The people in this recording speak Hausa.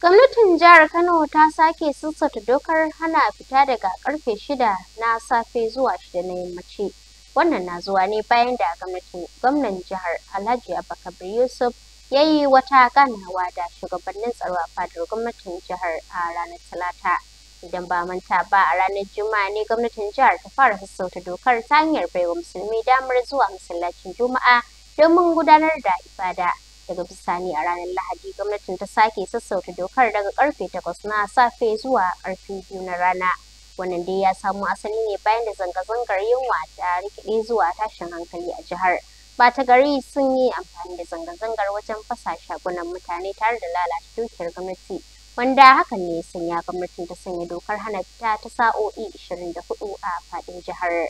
Gwamnatin jihar Kano ta sake sassauta dokar hana fita daga karfe shida na safe zuwa shida na yammaci. Wannan na zuwa ne bayan da gwamnatin gwamnan jihar Alhaji Abubakar Yusuf ya yi wata ganawa da shugabannin tsaro a fadar gwamnatin jihar a ranar Talata. Idan ba manta ba a ranar Juma'a ne gwamnatin jihar ta fara sassauta dokar ta hanyar baiwa musulmi damar zuwa masallacin Juma'a domin gudanar da ibada. daga bisani a ranar lahadi gwamnatin ta sake sassauta dokar daga karfe takwas na safe zuwa karfe biyu na rana wannan dai ya samo asali ne bayan da zanga-zangar yunwa ta rikide zuwa tashin hankali a jihar bata gari sun yi amfani da zanga-zangar wajen fasa shagunan mutane tare da lalata dukiyar gwamnati wanda hakan ne sanya gwamnatin ta sanya dokar hana fita ta sa'o'i 24 a faɗin jihar